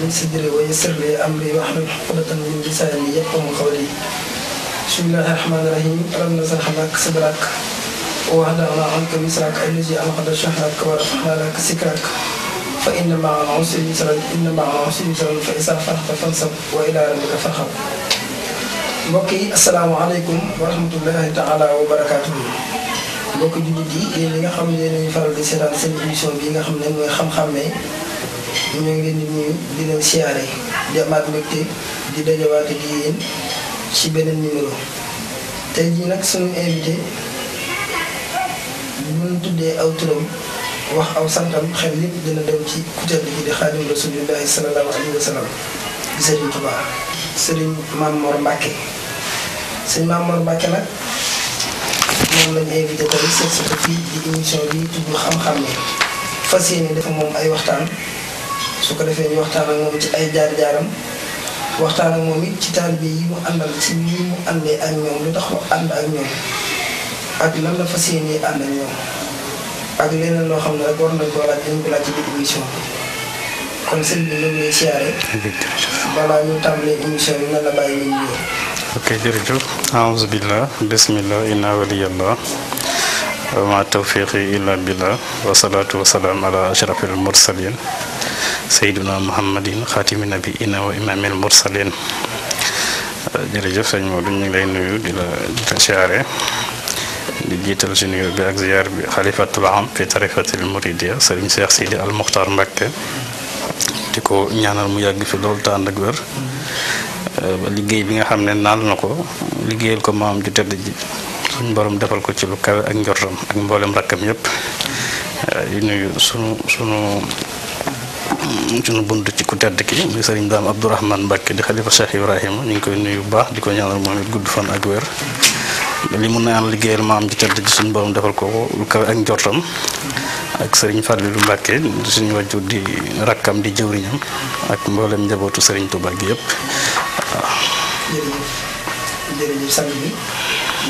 لي صدري ويسر لي أمري واحلل عقدة من لساني يفهم قولي بسم الله الرحمن الرحيم ربنا نشرح لك صدرك ووضعنا عنك وزرك الذي أنقض شهرك ورفعنا لك سكرك فإن مع العسر يسرا إن مع العسر يسرا فإذا فرحت فانصب وإلى ربك فارغب mbokk السلام عليكم ورحمه الله تعالى وبركاته barakaatuhu جديد jullit yi yéen ñi nga xam ne yéen faral di seetaan ñu ngi leen di nuyu di leen siyaare di amaat mbégte di dajawaate di yéen ci beneen numéro tey jii nag suñu invité bu ñu tuddee aw turam wax aw santam xel lépp dina dem ci ku tedd gi di xaadim rasulillahi sallallahu alayhi wa sallam di Mbàkke sëriñ Mamor Mbàkke nag moom lañu invité tey seet si fii di émission bi tudd xam-xam ne fas yéene dafa moom ay waxtaan su ko defee ñu waxtaan ak moom ci ay jaar-jaaram waxtaan ak moom it ci taalibe yi mu àndal ci lii mu àndee ak ñoom lu tax mu ànd ak ñoom ak lan la fas yéenee ànd ak ñoom ak leneen loo xam ne rek war nañ koo laaj dañ ko laaj ci biir émission kon sëñ bi ñu ngi siyaare balaa ñu tàmbalee émission bi nan la bàyyi ñu ñëw. ok jërëjëf aouzu billah bismillah inna waliyallah wa ma tawfiqi illa billah wa salaatu wa salaam ala ashrafil mursalin سيدنا محمد خاتم النبيين وإمام المرسلين جرجف سيد مولو نيو لاي نويو ديلا تشاري دي جيتال خليفه العام في طريقه المريديه سيرن شيخ سيدي المختار مكه ديكو نيانال مو في لول تاند اك وير ba liggéey bi nga xam ne naal na ko liggéeyal ko maam ju tedd ji suñ borom defal ko آه، sunu sunu sunu bunt ci ku tedd ki muy ya. sëriñ daam abdourahman mbàkke di xalifa cheikh ibrahima ñu koy nuyu baax di ñaanal moom gudd fan ak wér li mu naan liggéeyal maam ji tedd ci suñu borom defal ko lu kawe ak njortam ak sëriñ suñu di rakkam di jëwriñam ak mboolem njabootu sëriñ tuba gi yépp jërëjëf sang bi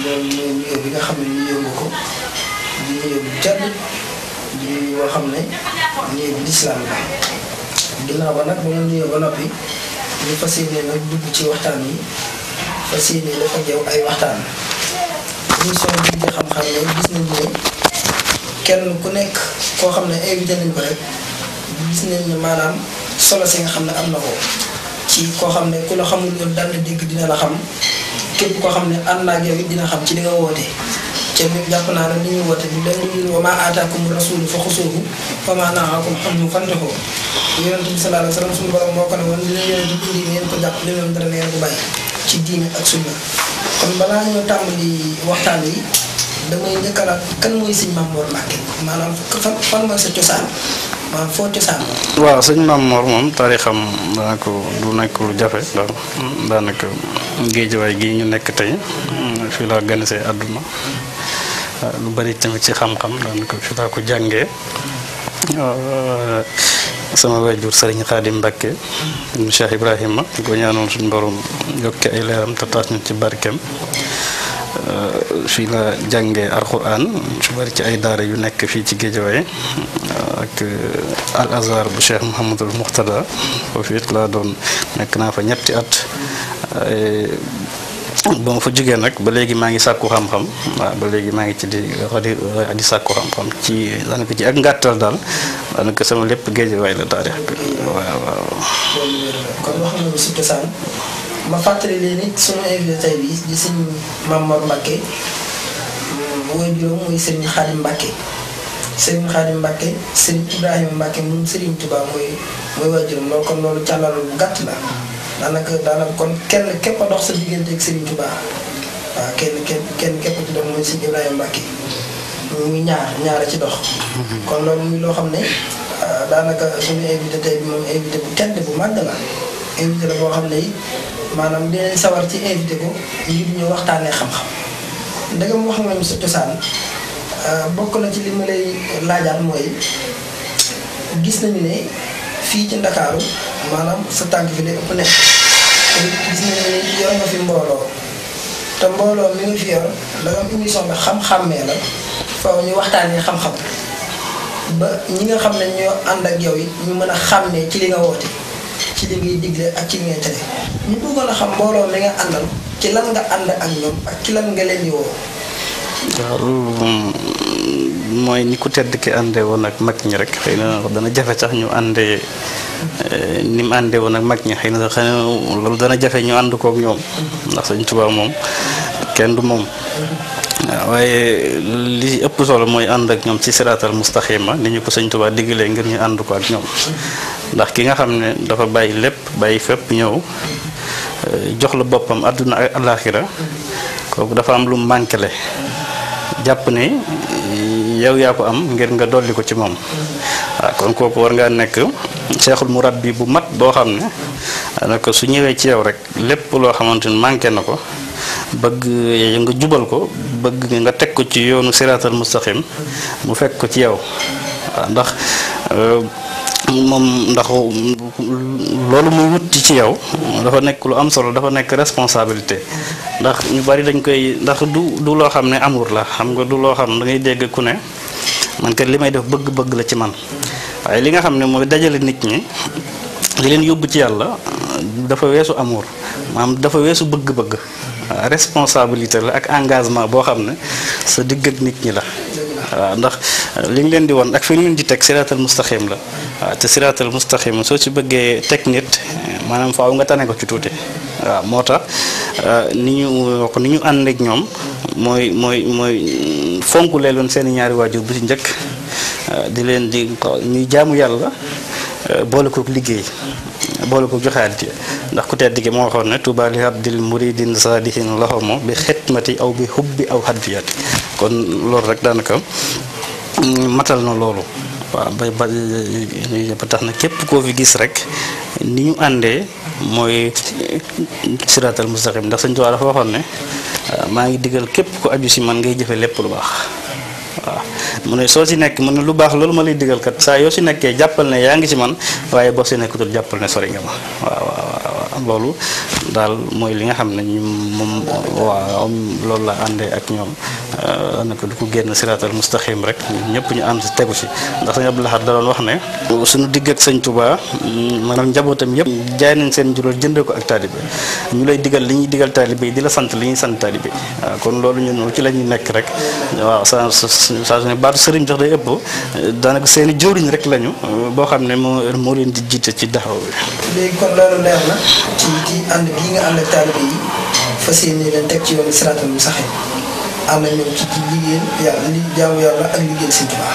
loolu mooy bi nga xam ne ñu yëngu ko di yoo xam ne néeg lislaam la ginnaaw ba nag bu ñu nuyoo ba noppi ñu fas yéene nag dugg ci waxtaan yi fas yéene dafa jëw ay waxtaan émission bi gis nañ ne kenn ku nekk koo xam ne invité ko rek gis nañ ne maanaam solo si nga xam ne am na ko ci koo xam ne ku la xamul woon daan na dégg dina la xam képp koo xam ne ànd naa yow it dina xam ci li nga te ñun jàpp naa ne li ñuy woote bi dañuy wa maa aataakum rasuulu fa xusuuhu wa maa nahaakum anhu fantahuu yonent bi sallallaahu alayhi wa sallam suñu borom moo ko ne woon li leen yonent bi indi ngeen dara ne ko bàyyi ci diine ak sunna kon balaa ñoo tàmbali waxtaan yi damay njëkkalaat kan mooy sëñ Mame Mor Mbacke maanaam fan fan mooy sa cosaan. waaw foo sëñ Maam Mor moom taarixam daanaka du nekk lu jafe daal daanaka géejawaay gii ñu nekk tey fii laa ganisee àdduna ah, lu bari tamit ci xam-xam daanaka fii laa ko jàngee ah, sama waajur sëriñ Xaadim Mbàkke mu Cheikh Ibrahima di ko ñaanoon suñu ay leeram te taas ñu ci barkeem Euh, fii la jànge alxuraan su bari ci ay daara yu nekk fii ci Géejawaay ak euh, al azhar bu Cheikh Mouhamadul Muxtada foofu it laa doon nekk naa fa ñetti at euh, ba ma fa jógee nag ba léegi maa ngi sàkku xam-xam waaw ba léegi maa ngi ci di di sàkku xam-xam ci daanaka ci ak ngàttal daal daanaka sama lépp géejawaay la taarix bi waaw waaw. ma fàttali leen it sunu invité tey bi di sëñ Mamor Mbacke mooy juróom mooy sëriñ Xaadim Mbacke sëriñ Xaadim Mbacke sëriñ Ibrahima Mbacke moom sëriñ mooy mooy waajuram loolu kon loolu càllal bu gàtt la daanaka daanaka kon kenn képp dox sa diggante ak sëriñ kenn kenn kenn ci dox mooy sëriñ Ibrahima ñaar ñaar ci dox kon loolu muy loo xam ne ah, daanaka suñu invité tey bi moom invité bu tedd bu màgg la invité boo xam ne maanaam dinañ sawar ci invité ko yi ñu waxtaanee xam-xam ndegam wax nga sa cosaan euh, bokk na ci li ma lay laajaat mooy gis nañ ne fii ci Ndakaaru maanaam sa tànk fi de ëpp nekk gis nañu ne yor nga fi mbooloo te mbooloo mi ngi fi yor da nga am émission bi xam-xammee la faaw ñu waxtaanee xam-xam ba ñi nga xam ne ñoo ànd ak yow yi ñu mën a xam ne ci li nga woote. ci li ngay digle ak ci li ngay tere ñu bëggoon a xam mbooloo mi nga àndal ci lan nga ànd ak ñoom ak ci lan nga leen di woo. Mm, mooy ñi ku tedd ki àndee woon ak mag ñi rek xëy na dana jafe sax ñu àndee eh, ni mu àndee woon ak mag ñi xëy na sax loolu dana jafe ñu ànd kook ñoom. ndax Sëñ Tuubaa moom kenn du moom. waaye li ëpp solo mooy ànd ak ñoom ci siratal mustaxima ni ñu ko sëñ Tuubaa diggalee ngir ñu ànd ko ak ñoom ndax ki nga xam ne dafa bàyyi lépp bàyyi fépp ñëw euh, jox la boppam àdduna ak alaxira kooku dafa am lu manquele jàpp ne yow yaa ko am ngir nga dolli ko ci moom waaw ah, kon kooku war ngaa nekk seexul murabbi bu mat boo xam ne naka su ñëwee ci yow rek lépp loo xamante ni manqué na ko bëgg nga jubal ko bëgg nga teg ko ci yoonu siraatal mustaqim mu fekk ko ci yow ndax euh, moom ndax loolu muy wut ci yow dafa nekk lu am solo dafa nekk responsabilité ndax ñu bari dañ koy ndax du du loo xam ne amour la xam nga du loo xam da ngay dégg ku ne man kat li may def bëgg-bëgg la ci man waaye li nga xam ne mooy dajale nit ñi li leen yóbbu ci yàlla dafa weesu amour maanaam dafa weesu bëgg-bëgg responsabilité la ak engagement boo xam ne sa digg ak nit ñi la waaw ndax li nga leen di won ak fi ñu leen di teg siraatal mustaxim la waaw te siraatal mustaxim soo ci bëggee teg nit maanaam faaw nga ne ko ci tuuti waaw moo tax euh, ni ñu wax ni ñu ànd ak ñoom mooy mooy mooy fonk leeloon seen i ñaari waajur bu ci njëkk euh, di leen di ñuy jaamu yàlla euh, boole kook liggéey boole ko joxaat ndax ku tedd moo waxoon ne tuba li abdil muridin saadihin laxomo bi xitmati aw bi hubbi aw hadfiyati kon loolu rek daanaka mm, matal na loolu waaw ba ba tax na képp koo fi gis rek ni ñu àndee mooy siraatal mustaqim ndax sëñ Tuubaa dafa waxoon ne maa ngi digal képp ko aju si man ngay jëfe lépp lu baax waaw mu ne soo si nekk mu ne lu baax loolu ma lay digal saa yoo si nekkee jàppal ne yaa ngi si man waaye boo si nekkutul jàppal ne sori nga ma waaw waaw loolu dal mooy li nga xam ne moom waaw loolu la àndee ak ñoom euh, naka du ko génn siraatal mustaqim rek ñëpp ñu ànd tegu ci ndax sa Abdou Lahad da doon wax ne suñu digg ak sëñ Touba maanaam njabootam yëpp jaay nañ seen juróol jëndee ko ak taalibe ñu lay digal li ñuy digal taalibe yi di la sant li ñuy sant taalibe euh, kon loolu ñun ci la nekk rek waaw saa saa su ne baatu sëriñ day ëpp daanaka seeni jëwriñ rek lañu boo xam ne moo leen di jiite ci daxaw bi kon loolu leer na ci ci ànd bii nga ànd ak taalibe yi fas yéene leen teg ci yoonu siraatal mu saxee ànd ak ñoom ci ci liggéeyal yàlla li jaamu yàlla ak liggéeyal Sëñ Tuubaa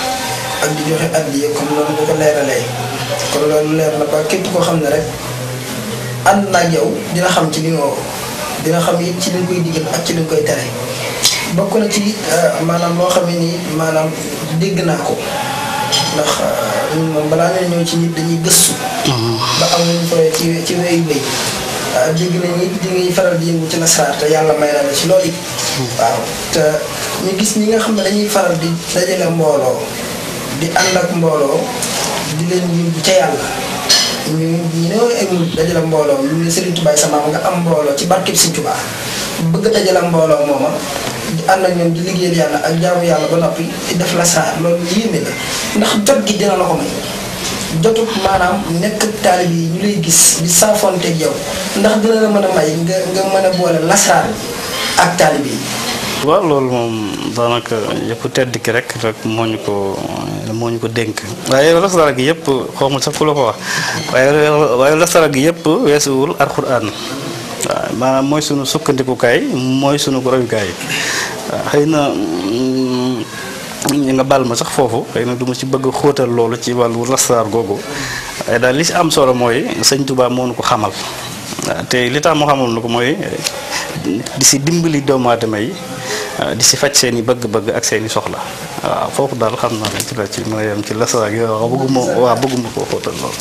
ak di joxe addiya comme noonu bu ko leeralee kon loolu leer na ba képp koo xam ne rek ànd naa yow dina xam ci li nga dina xam yi ci li nga koy digal ak ci li nga koy tere bokk na ci euh, maanaam loo xam ne nii maanaam dégg naa ko. ndax euh, ñun moom balaa ñuy ñëw ci nit dañuy gëstu. Mm-hmm. ba am nañu fooy ci ci wéy mbéy. waaw ah, jéggi nañ di ngi faral di yëngu ci nasaraar te yàlla may la ci loolu it. Mm-hmm. waaw te ñu gis ñi nga xam ne dañuy faral di dajale mbooloo di ànd ak mbooloo di leen yóbbu ca yàlla ñu ñu ne ay dajale mbooloo ñu ne Serigne Touba sama nga am mbooloo ci barkeb si Touba. bëgg dajale mbolo moma and ak ñoom di liggéeyal yalla ak jaamu yalla ba nopi def la sa lool yéme la ndax jot gi dina la ko may jotuk manam nek talib yi ñu lay gis di ak yow ndax dina la mëna may nga nga mëna bolé la sa ak talib yi wa lool mom danaka yépp tedd ki rek rek moñu ko moñu ko denk waye la sa gi yépp xomul sax ku la ko wax waye la sa gi yépp weesuwul alquran waaw mooy sunu sukkandikukaay mooy sunu royukaay xëy na ñu mm, nga baal ma sax foofu xëy na du ma ci bëgg xóotal loolu ci wàllu rastaar googu waaye daal li si am solo mooy sëñ Tuubaa moo nu ko xamal te li tax mu xamal nu ko mooy di si dimbali doomu aadama yi di si faj seen i bëgg-bëgg ak seeni soxla. waaw foofu daal xam naa ci la ci mën a yem ci lasaraag yooyu bëgguma waaw bëgguma koo xóotal lool.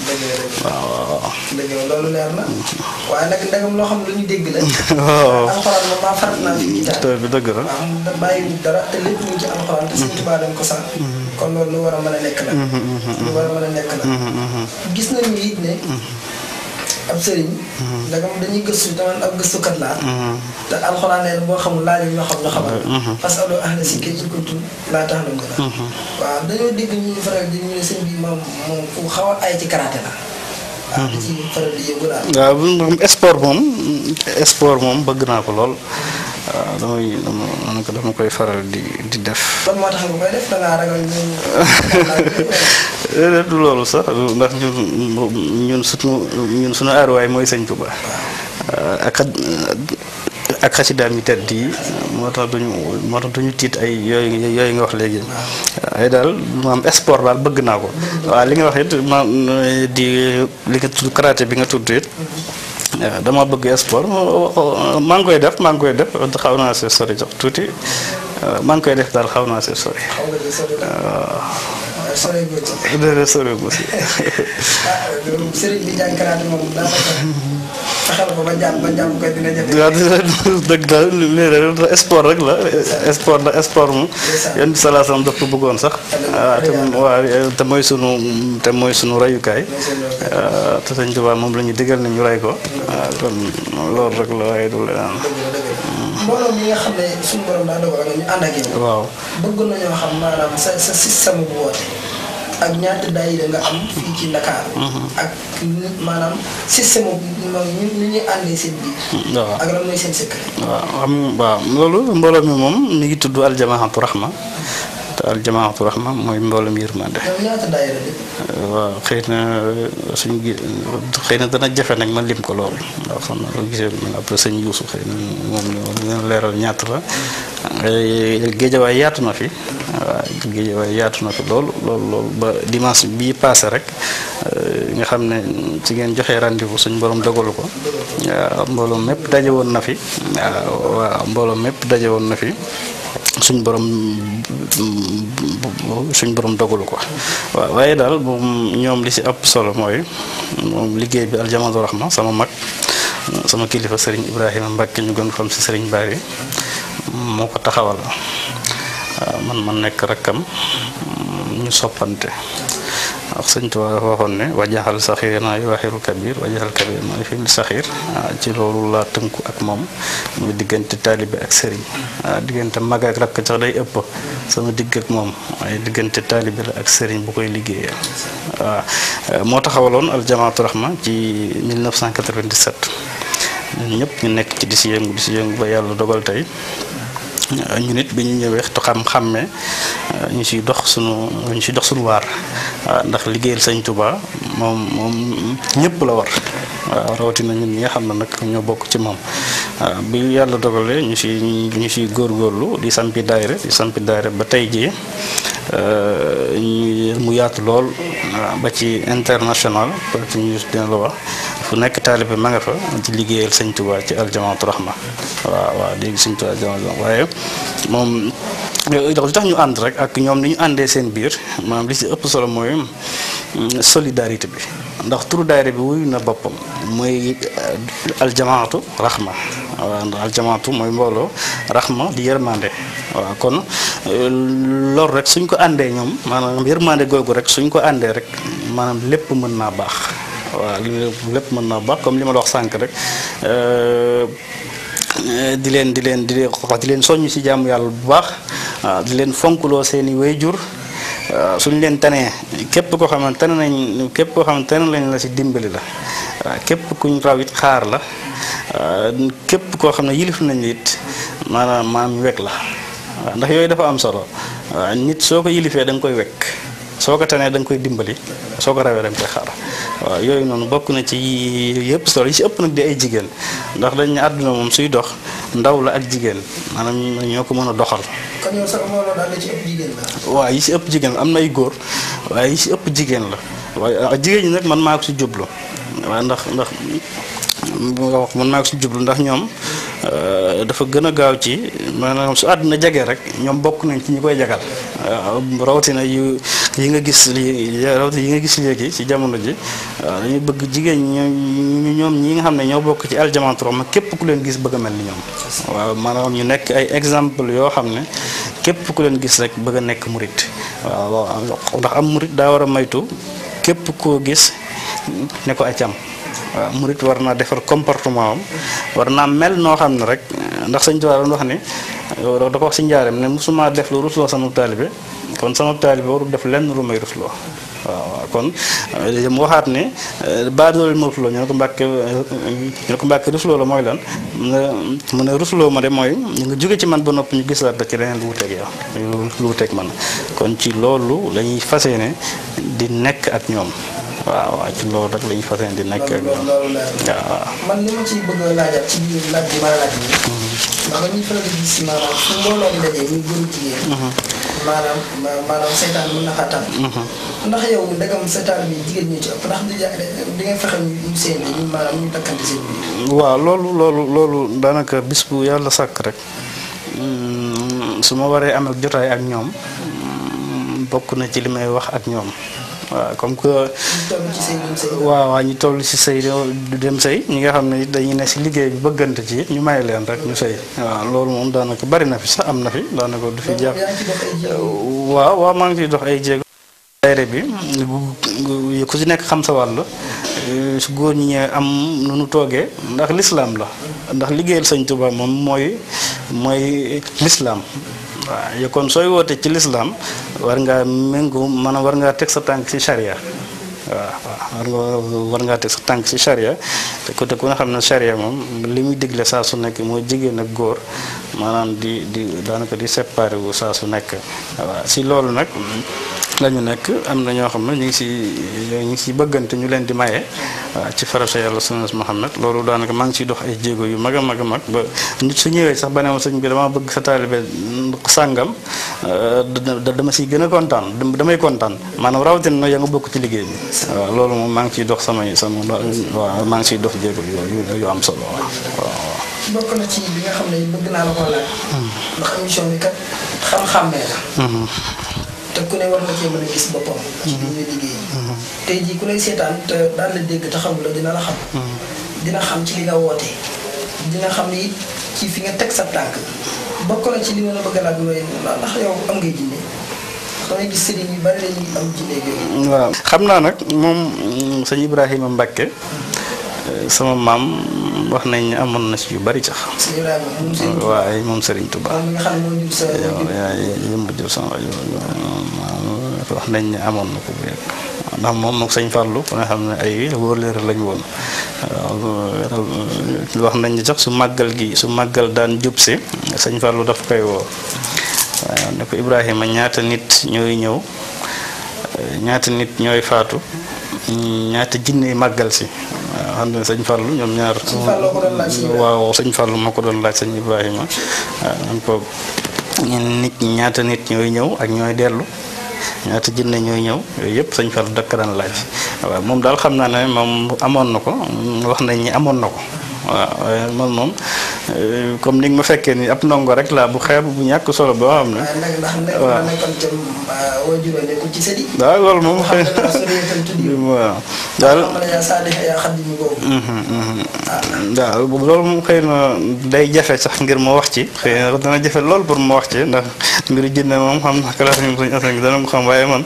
waaw waaw waaw. dëgg la mm-hmm. nag ndegam loo xam lu ñu dégg la. waaw alxuraan bi waaw da bàyyi a nekk la. lu war a mën nekk la. Mm-hmm, mm-hmm. gis nañu it ne. ab sëriñ. Mhm. dagam dañuy gëstu dama ab gëstukat laa. Mhm. te alxuraan nee boo xamul mhm. laa laaj ñoo xam ñoo xamal. parce que allo ahla si kii ci laa tax na ko. waaw dañoo dégg ñu faral di ñu ne sëñ moom moom ku xaw ay ci karaté la. waaw moom sport moom sport moom bëgg naa ko lool waaw damay dama dama koy faral di di def. ban moo tax nga koy loolu sax ndax ñun ñun suñu ñun suñu aarwaay mooy sëñ Tuba. ak xasidaam yi tedd yi moo tax duñu moo tax duñu tiit ay yooyu yooyu nga wax léegi ay daal maam sport daal bëgg naa ko waaw li nga wax it maam di li nga tudd karaté bi nga tudd koy def maa koy def xaw naa si sori jox tuuti maa koy def daal xaw naa si sori waaw sori bu si taxal ko ba la lii sport la sport mu. yéen bi salaa ko bëggoon sax. Ah, waaw te mooy sunu te mooy sunu rayukaay. Ah, te sëñ Tuubaa moom lañuy ñu digal ne ñu ray ko. waaw ah, kon loolu rek la waaye du leneen. waaw ak ñaata daayira nga am fii ci Ndakaar. Mhm. ak maanaam système moom ñu ñu ñuy àndee seen biir. waaw ak lan mooy seen secret. waaw xam waaw loolu mbooloo mi moom mi ngi tudd aljamaahatu rahma aljamaatu rahma mooy mboolem yërmande waaw xëy na euh, suñ xëy na dana jafe nag ma lim ko lool ndax xam na loo gisee man après sëñ Yuusu xëy na moom dina leeral ñaata la géejawaay yaatu na fi waaw géejawaay yaatu na fi lool lool lool ba dimanche bii passé rek euh, nga xam ne ci ngeen joxee rendez-vous suñ borom dogalu ko waaw mbooloo mépp daje woon na fi waaw waaw mbooloo mépp daje woon na fi suñ borom suñ borom dogalu ko waaw waaye daal ñoom li si ëpp solo mooy moom liggéey bi aljamadu rahma sama mag sama kilifa sëriñ Ibrahima Mbacke ñu gën ko xam si sëriñ Bari moo ko taxawal ah, man ma nekk rakkam ñu soppante أخصنت وهو هنا وجه السخير ناي وحير الكبير وجه الكبير ناي في السخير جلو الله تنكو أكمام مدقن تتالي بأكسري دقن تماغا أقرب كتغلي أبو سمو دقن أكمام دقن تتالي بأكسري بقوي لغي موتا خوالون الجماعة الرحمة جي 1997 نيب نيك تدسي ينغو دسي ينغو بيال ñu nit bi ñu ñëwee tu xam-xamme ñu si dox sunu ñu si dox sunu waar ndax liggéeyal sëñ Touba moom moom ñëpp la war waaw rawatina ñun ñi nga xam ne nag ñoo bokk ci moom bi yàlla dogalee ñu si ñu si góorlu di sampi daayira di sampi daayira ba tey jii euh, ñu mu yaatu lool ba ci international peut dina la wax fu nek taalibe ma nga fa ci liggéeyal sëñ touba ci aljamaatu rahma wa waaw léegi sëñ jama'at aljamaatu waaye moom lu tax ñu and rek ak ñom ni ñu andé seen biir manam li ci ëpp solo moy mm, solidarité bi ndax turu daayira bi wuyu na boppam al euh, aljamaatu rahma wa ndax aljamaatu moy mbolo rahma di yërmande wa kon euh, lor rek suñ ko andé ñom manam yermande gogu rek suñ ko andé rek manam lepp mën baax waaw li lépp mën naa baax comme li ma la wax sànq rek euh, di leen di leen di leen di leen soññ si jàmm yàlla bu baax waaw di leen fonkloo seen i wayjur suñ leen tanee képp koo xam ne tane nañ képp koo xam ne tane lañ la si dimbali la waaw képp kuñ raw it xaar la képp koo xam ne yilif nañ la it maanaam maam wekk la ndax yooyu dafa am solo waaw nit soo ko yilifee da koy wekk soo ko tanee da koy dimbali soo ko rawee da nga koy xaar waaw yooyu noonu bokk na ci yépp solo yi si ëpp nag di ay jigéen ndax dañu ne àdduna moom suy dox ndaw la ak jigéen maanaam ñoo ko mën a doxal. kon si ëpp jigéen am na ay góor si ëpp jigéen la waaye ah, jigéen man maa ko si jublu waaw ndax ndax nga wax man maa ko si jublu ndax ñoom. Euh, dafa gën a gaaw ci maanaam su àdduna jege rek ñoom bokk nañ ci ñi koy jagal waaw euh, rawatina yu yi nga gis lii rawatina yi nga gis léegi ci jamono ji waaw dañuy bëgg jigéen ñi ñoom ñi nga xam ne ñoo bokk ci aljamaatu rahma képp ku leen gis bëgg a mel ni ñoom waaw maanaam ñu nekk ay exemple yoo xam ne képp ku leen gis rek bëgg a nekk murit waaw ndax am murit daa war a maytu képp koo gis ne ko acam waaw murit war naa defar comportement am war naa mel noo xam ne rek ndax sëñ Tuubaa doon wax ni da ko wax si njaareem ne musuma def lu rusloo sama taalibe kon sama taalibe warul def lenn lu may rusloo waaw kon euh, mu waxaat ne euh, baadoo leen ma rusloo ñu ne ko mbàkke euh, mooy lan mu ne rusloo ma de mooy nga jóge ci man ba noppi ñu gis la da ci leneen lu wuteeg yow lu wuteeg man kon ci loolu lañuy ñuy fas yéene di nekk ak ñoom waaw waaw ci loolu rek lañ fas yéene di nekk ak man li ma ciy bëgg a laajaat ci biir laaj bi ma mhm. di gis maanaam fu mbooloo mhm. seetaan mën na faa mhm. ndax yow ndegam seetaan bi jigéen ñi ci ëpp ndax ñu takkante seen biir. waaw loolu loolu loolu daanaka bis bu yàlla sàkk rek. Mm, su ma waree am ak jotaay ak ñoom. Mm, bokk na ci li may wax ak ñoom. waaw comme que. waaw waa ñu toll si sëy du dem sëy ñi nga xam ne dañuy ne si liggéey bi bëggante ci ñu may leen rek ñu sëy waaw loolu moom daanaka bari na fi sax am na fi daanaka du fi jàpp. waaw waaw maa ngi ciy dox ay jéego. daayira bi ku si nekk xam sa wàll. su góor ñi am nu nu toogee ndax lislaam la ndax liggéeyal sañ Tuubaa moom mooy mooy lislaam waaw kon sooy wootee ci lislaam war ngaa méngu maanaam war ngaa teg sa tànk ci charia waaw waaw war ngaa teg sa tànk si charia te ku kan te ku ne xam ne charia moom li muy su nekk mooy jigéen ak góor maanaam di di daanaka di séparé wu saa su nekk si loolu nag la ñu am na ñoo xam ne ñu ngi si ñu ngi si bëggante ñu leen di maye waaw ci farata yàlla sunnas Muhammad loolu daanaka maa ngi ciy dox ay jéego yu mag a mag a mag ba nit su ñëwee sax ba ne ma sëñ bi dama bëgg sa taalibe sàngam dama siy gën a damay kontaan maanaam rawatina nag yaa nga bokk ci liggéey waaw loolu moom maa ngi ciy dox samay sama waaw maa ngi ciy dox jéego yu yu am solo waaw waaw. bokk na ci li nga xam ne bëgg naa la ko laaj. ndax xam-xamee mhm. te ku a gis boppam. Mhm. ci li ñuy mhm. seetaan te daan la dégg xam. xam ci li nga xam ni ci sa tànk. bokk ci am ngay jinne waaw xam naa nag moom mm, sëñ Ibrahima Mbacke euh, sama maam wax nañ ni amoon na ci yu bari sax. waaye moom Serigne Touba. nañ ne amoon na ko bu yàgg ndax moom moog sëñ Fallou ku xam ne ay wóoleer lañ woon wax nañ ne sax su màggal gi su màggal daan jub si sëñ Fallou daf koy woo. waaw ne ko Ibrahima ñaata nit ñooy ñëw ñaata nit ñooy faatu ñaata jinne màggal si waaw xam ne sëñ Fallou ñoom ñaar waaw sëñ Fallou moo ko doon laaj sañ Ibrahima waaw nan ko nit ñaata nit ñooy ñëw ak ñooy dellu ñaata jinne ñooy ñëw yooyu yëpp sëñ Fallou dakk daan laaj waaw moom daal xam naa ne moom amoon na ko wax nañ ñi amoon na ko waaw man moom Euh, comme ni nga ma fekkee ni ab ndongo rek la bu xeeb bu ñàkk solo boo xam ne. waaw euh, waaw loolu moom xëy na mhm, mhm. ah. xëy na day jafe sax ngir ma wax ci xëy na dana jafe lool pour ma wax ci ndax mbiru jinne moom xam na classe yi suñu asan gi dana ko xam waaye man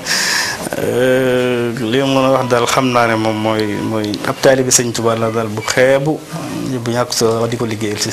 euh, li ma mën a wax daal xam naa ne moom mooy mooy ab taalibi sëñ Tuubaa la daal bu xeebu bu ñàkk solo di ko liggéeyal si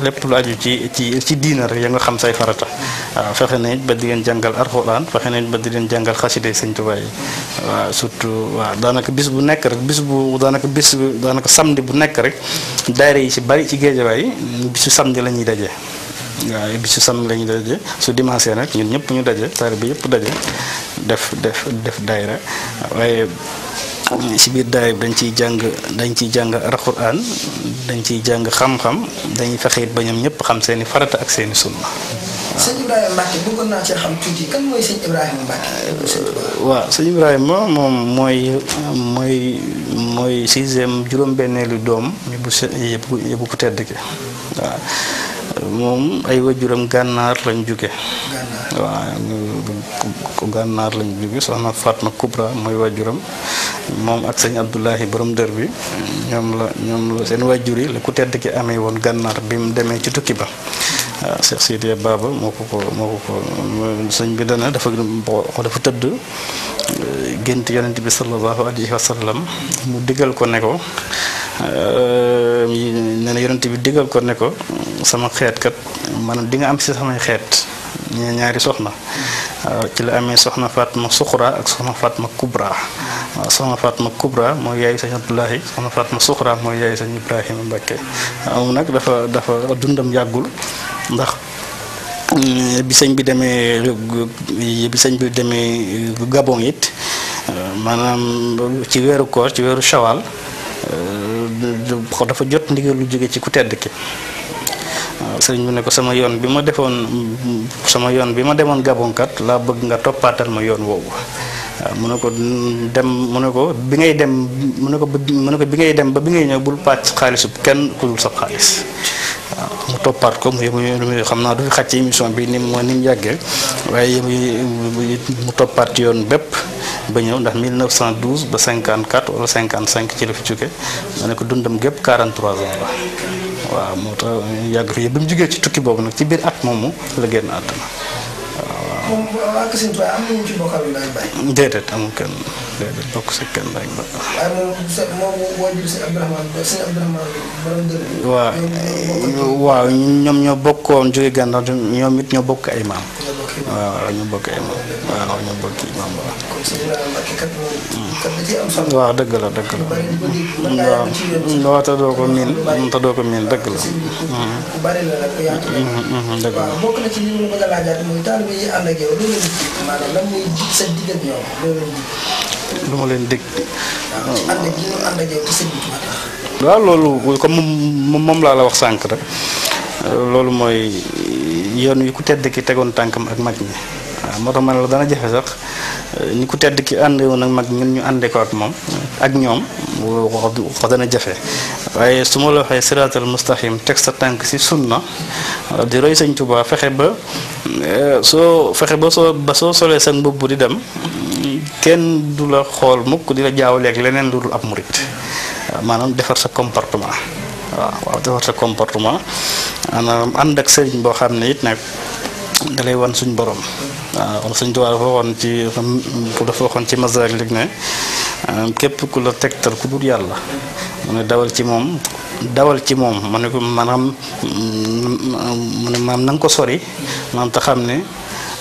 lépp lu aju ci ci ci diina rek ya nga xam say farata waaw fexe nañ ba di leen jàngal alxuraan fexe nañ ba di leen jàngal xaside sëñ Tuubaa yi waaw surtout waaw daanaka bis bu nekk rek bis bu daanaka bis daanaka samedi bu nekk rek daayira yi si bari ci géejawaay yi bisu la ñuy daje waaw bisu samedi la ñuy daje su dimanche nag ñun ñëpp ñu daje taari bi yëpp daje def def waaye si biir daay dañ ciy jàng dañ ciy jàng alxuraan dañ ciy jàng xam-xam dañuy fexe it ba ñoom ñëpp xam seeni farata ak seeni sunna. sëñ Ibrahima Mbacke moom mooy mooy mooy sixième juróom-benneelu doom. ñu yëpp yëpp ku tedd ki waaw. mom ay wajuram gànnaar lañ jóge waaw ko gànnaar lañ jóge soxna Fatma Kubra moy wajuram mom ak seigne abdullah borom dër bi juri la ñom la seen wajuri yi ku tedd ki amé won gànnaar bi mu ci tukki ba Cheikh sidi Baba moko ko moko ko seigne bi dana dafa dafa tedd gént yonent bi sallallahu alaihi wasallam mu diggal ko ne ko Euh, nee na yonent bi digal ko ne sama xeet kat maanaam di nga am si samay xeet ñaari soxna euh, ci la amee soxna ma Suxra ak soxna Fatma Kubra waaw euh, soxna ma Kubra mooy yaayu sëñ Abdoulahi soxna ma Suxra mooy yaayu sëñ Ibrahima Mbakke moom nag dafa dafa dundam yàggul ndax bi sëñ bi demee bi demee Gabon it maanaam ci weeru koor ci weeru Shawal Euh, dafa jot ndigal lu jóge ci ku tedd ki euh, sëriñ bi ne ko sama yoon bi ma defoon sama yoon bi ma demoon gabonkat laa bëgg nga toppaatal ma yoon woowu waaw euh, mu ne ko dem mu ne ko bi ngay dem mu ne ko mu ne ko bi ngay dem ba bi ngay ñëw bul pàcc xaalisu kenn ku dul sab xaalis waaw mu toppaat ko mu yëngu xam naa du fi xàcc bi ni mu ni mu yàggee waaye mu toppaat yoon bépp. ba ñëw ndax 1912 ba 54 wala 55 ci la fi jóge ma ne ko dundam gépp 43 ans la waaw moo tax yàgg fi bi mu jógee ci tukki boobu nag ci biir at moomu la génn àdduna moom waa bokk si kenn baay. waaw ñoom ñoo bokkoon jóge gànnaar ñoom it ñoo bokk ay maam. waaw ñu bëgg imam waaw ñu imam waaw waaw ada la dëgg la waaw waaw ada doo ko miin te doo ko miin dëgg la dëgg la bokk na ci li mu bëgg a laajaat muy taal bi ànd ak yow loolu maanaam lan lu loolu mooy yoon wi ku tedd ki tegoon tànkam ak mag ñi waaw moo tax ma ne la dana jafe sax euh, ñi ku tedd ki ànd woon ak mag ñun ñu àndee ko ak moom ak ñoom wax dana jafe waaye su ma la waxee siraatal mustaqim teg sa tànk si sunna euh, di roy sañ Tuubaa fexe ba euh, soo fexe ba soo ba soo solee sa bu di dem kenn du la xool mukk di la jaawaleeg leneen lu dul ab murit maanaam defar sa comportement waaw waaw defar sa comportement maanaam ànd ak sëriñ boo xam ne it nag da wan suñ boroom waaw suñ tubaab dafa waxoon ci dafa waxoon ci masaar lig ne euh, képp ku la tegtal ku dul yàlla mu ne dawal ci moom dawal ci moom mu ne maanaam mm, mm, mm, mu ne maam na ko sori maam te xam ne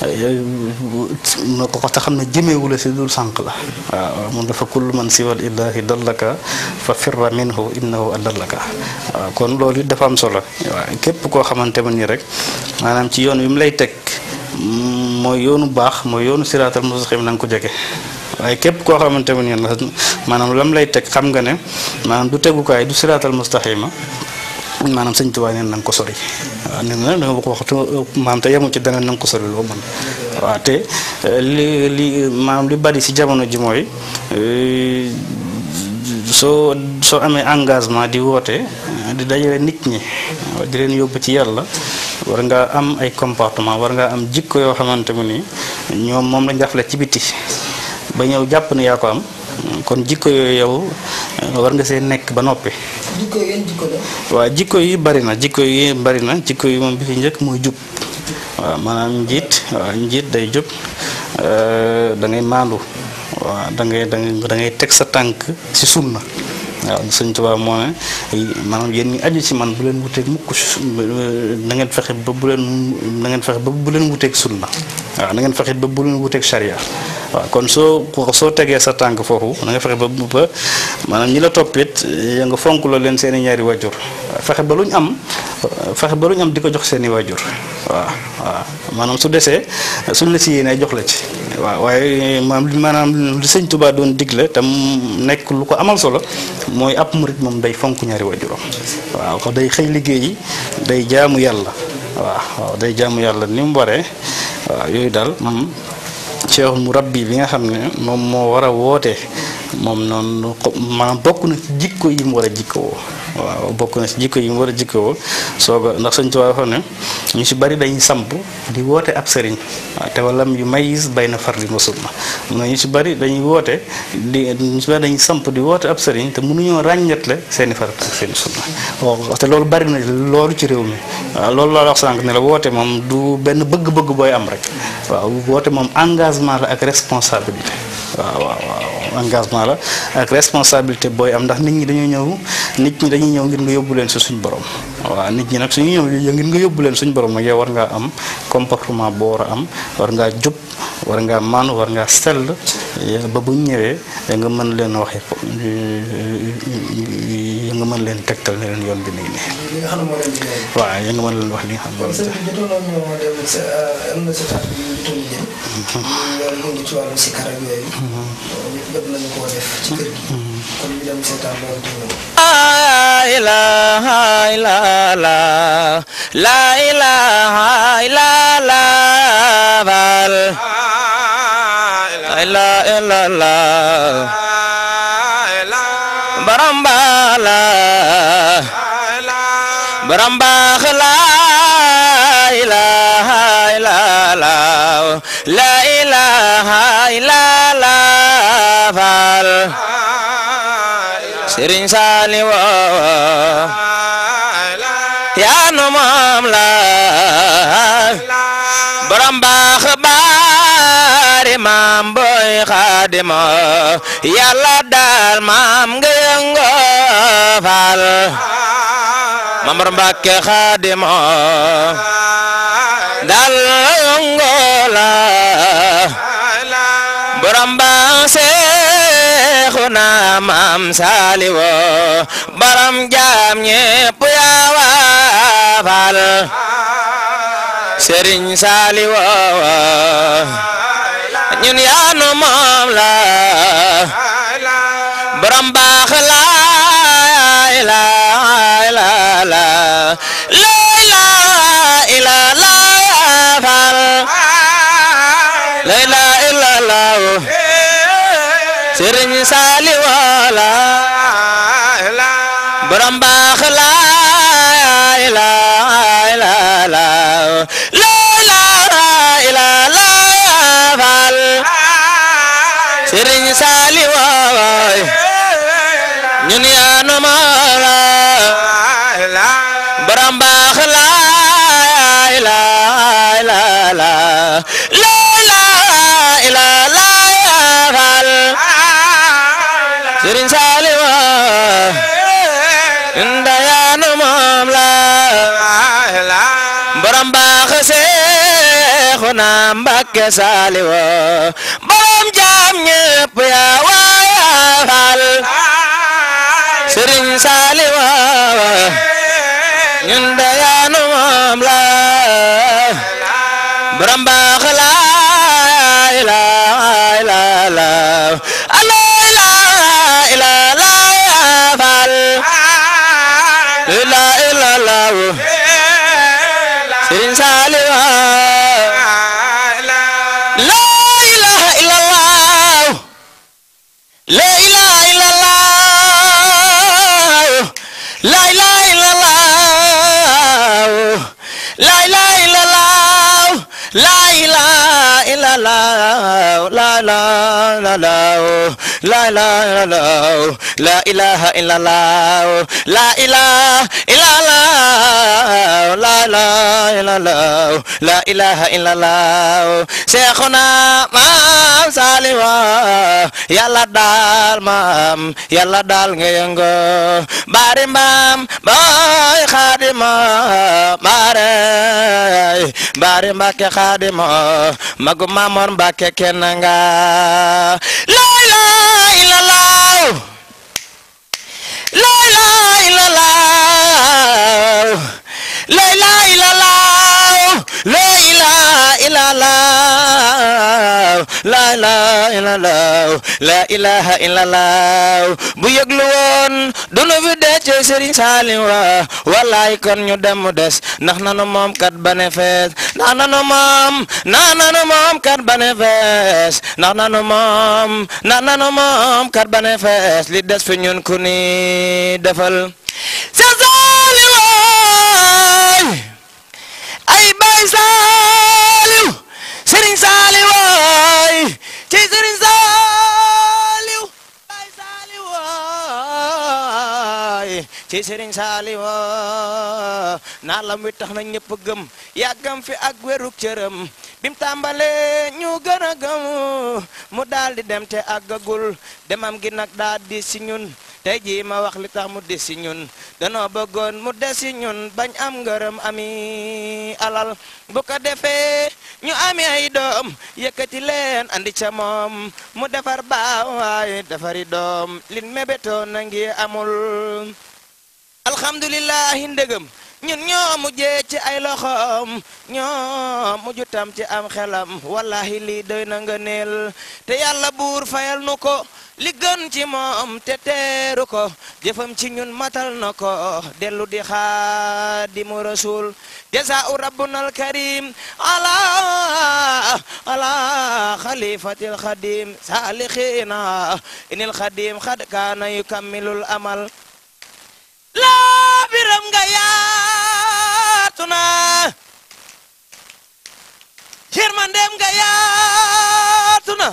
na ko ko te xam ne jëmeewula si dul sànq la waaw mun dafa kull man siwal illaahi dallaka fa firra minhu innahu adallaka waaw kon loolu it dafa am solo waaw képp koo xamante ma ni rek maanaam ci yoon wi mu lay teg mooy yoonu baax mooy yoonu siraatal mustaqim na nga ko jege waaye képp koo xamante ma ni maanaam lam lay teg xam nga ne maanaam du tegukaay du siraatal mustaqima manam sëñ touba ne nang ko sori ne eh, nee da nga ko waxtu maanaam te yemu ci nga nang ko sori lo man wa te li li manam li bari ci jamono ji moy eh, so so amé engagement di woté eh, di dajé nit ñi di leen yobbu ci yalla war nga am ay comportement war nga am jikko yo xamanteni ñom mom ñoom moom lañ ci biti ba ñew japp ne ya ko am kon jikko yooy yow euh, war nga see nekk ba noppi. jikko waaw jikko yi bari na jikko yi bari na jikko yi moom bi fi njëkk mooy jub waaw maanaam njiit waaw njiit day jub euh, da ngay maandu waaw da ngay da teg sa tànk ci sunna waaw sëñ Tuubaa moo ne maanaam yéen ñi aju ci man bu leen wuteeg mukk na ngeen fexe ba bu leen na ngeen fexe ba bu leen wuteeg sunna waaw na ngeen fexe ba bu leen wuteeg charia waaw kon soo soo tegee sa tànk foofu na nga fexe ba ba maanaam ñi la toppit ya nga fonk loo leen seeni ñaari wajur fexe ba luñ am fexe ba lu ñu am di ko jox seeni i waajur waaw waaw maanaam su desee suñ la si yéenee jox la ci waaw waaye maanaam li sëñ Tuubaa doon digle tam nekk lu ko amal solo mooy ab murit moom day fonk ñaari waajuram waaw ko day xëy liggéeyi day jaamu yàlla waaw waaw day jaamu yàlla ni mu waree waaw yooyu daal moom Cheikh mu rabbi bi nga xam ne moom moo war a woote moom noonu maanaam bokk na ci jikko yi mu war a jikkoo waaw bokk na si jikko yi mu war a jikkoo soog a ndax Sëñ Tuubaa waxoon ne ñu si bari dañuy samp di woote ab sëriñ waaw te walam yu mayis bay na far di musulma mun na ñu si bari dañuy woote di ñu si samp di woote ab sëriñ te mënuñoo ràññatle seeni farat ak seeni sunna waaw te loolu bari na loolu ci réew mi waaw loolu laa wax sànq ne la woote moom du benn bëgg-bëgg booy am rek waaw woote moom engagement la ak responsabilité waaw waaw waaw engagement la ak eh, responsabilité am ndax nit ñi dañuy ñëw nit ñi dañuy ñëw ngir nga yóbbu leen si borom waaw nit ñi nag suñu ñëw ngir nga yóbbu leen borom nag war am comportement rumah war am war ngaa jub war ngaa maanu war ngaa sell eh, ba bu ñëwee eh, nga mën leen waxe nga mën leen tegtal ne leen yoon bi ne ya nga mën leen wax li nga xam ne. kon sëñ bi jotoon nañu na sa taat bi loolu mu ngi ci wàllum si karam yooyu. ñëpp mhm. jot nañu koo def ci kër gi. Mhm. kon ñu dem seetaan loolu di ñëw. la ilaha la la ilaha la la barambala barambala la ilaha illa allah ilaala faal sëriñ saali woo yaa nu moom la borom baax baari maam booy xaadima yàlla daal maam nga yëngoo faal maam borom Mbàkke xaadima daal yëngoo borom ba Seexuna Maam Saaliwo borom jaam ñépp yaa waafal Sëriñ Saaliwo ñun yaa nu moom la borom baax la misaali wala borom baax la borom baax Seexuna Mbàkke Saaliw borom jaam ñépp yaa la la la la la la oh. la la la la oh. la ilaha illallah oh. la ilaha illallah la la illallah oh. la ilaha illallah syekhuna ya la dal mam ya la dal ngeyenggo bari mam khadima mare, bari khadima magu mamor mbake kenanga la ilaha la ilaha illallah la ilaha illallah bu yëglu woon dunu fi feccoo sëriñ Salim wa wallaay kon ñu dem mu des nanu moom kat bane fees ndax nanu moom ndax nanu moom kat bane fees ndax nanu moom ndax nanu moom kat bane fees li des fi ñun ku ni defal sa Saliou waay ay bay Saliou sëriñ Salim waay ci sëriñ ci Serigne Saliou naa lam wi tax na ñëpp gëm yàggam fi ak wérug cëram bim tàmbalee ñu gën a gëm mu daal di dem te àggagul demam gi nag daal di si ñun tey jii ma wax mu des si ñun danoo bëggoon mu des si ñun bañ am ngërëm ami alal bu ko defee ñu ami ay doom yëkkati leen andi ca moom mu defar baawaay defari doom lin mébétoon na ngi amul alhamdulilahi ndëgëm ñun ñoo mujjee ci ay loxoom ñoo mujju tam ci am xelam wallahi lii doy nga neel te yàlla buur fayal ko li gën ci moom te teeru ko jëfam ci ñun matal na ko dellu di xaadimu rasul jazaau rabbuna alkarim ala ala xalifati alxadim saalixina inil xadim xad kaana yukammilul amal laa biram nga yaatu na yërmandeem nga yaatu na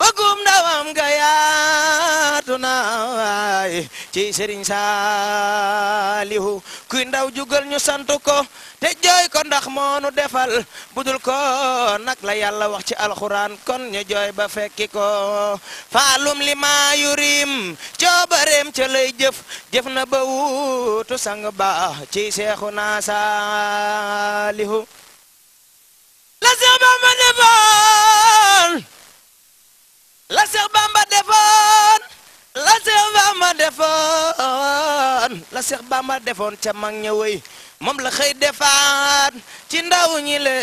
bëggum ndawam nga yaatu adduna ci Serigne Saliou kuy ndaw jugal ñu sant ko te jooy ko ndax nu defal budul ko nag la yàlla wax ci alxuraan kon ñu jooy ba fekki ko faalum li maayu riim coobareem ca lay jëf jëf na ba wuutu sang ba ci seexu naa Saliou la Seex Bamba defoon la ma defoon la Seex Bamba defoon ca mag ña wëy moom la xëy defaat ci ndaw ñi le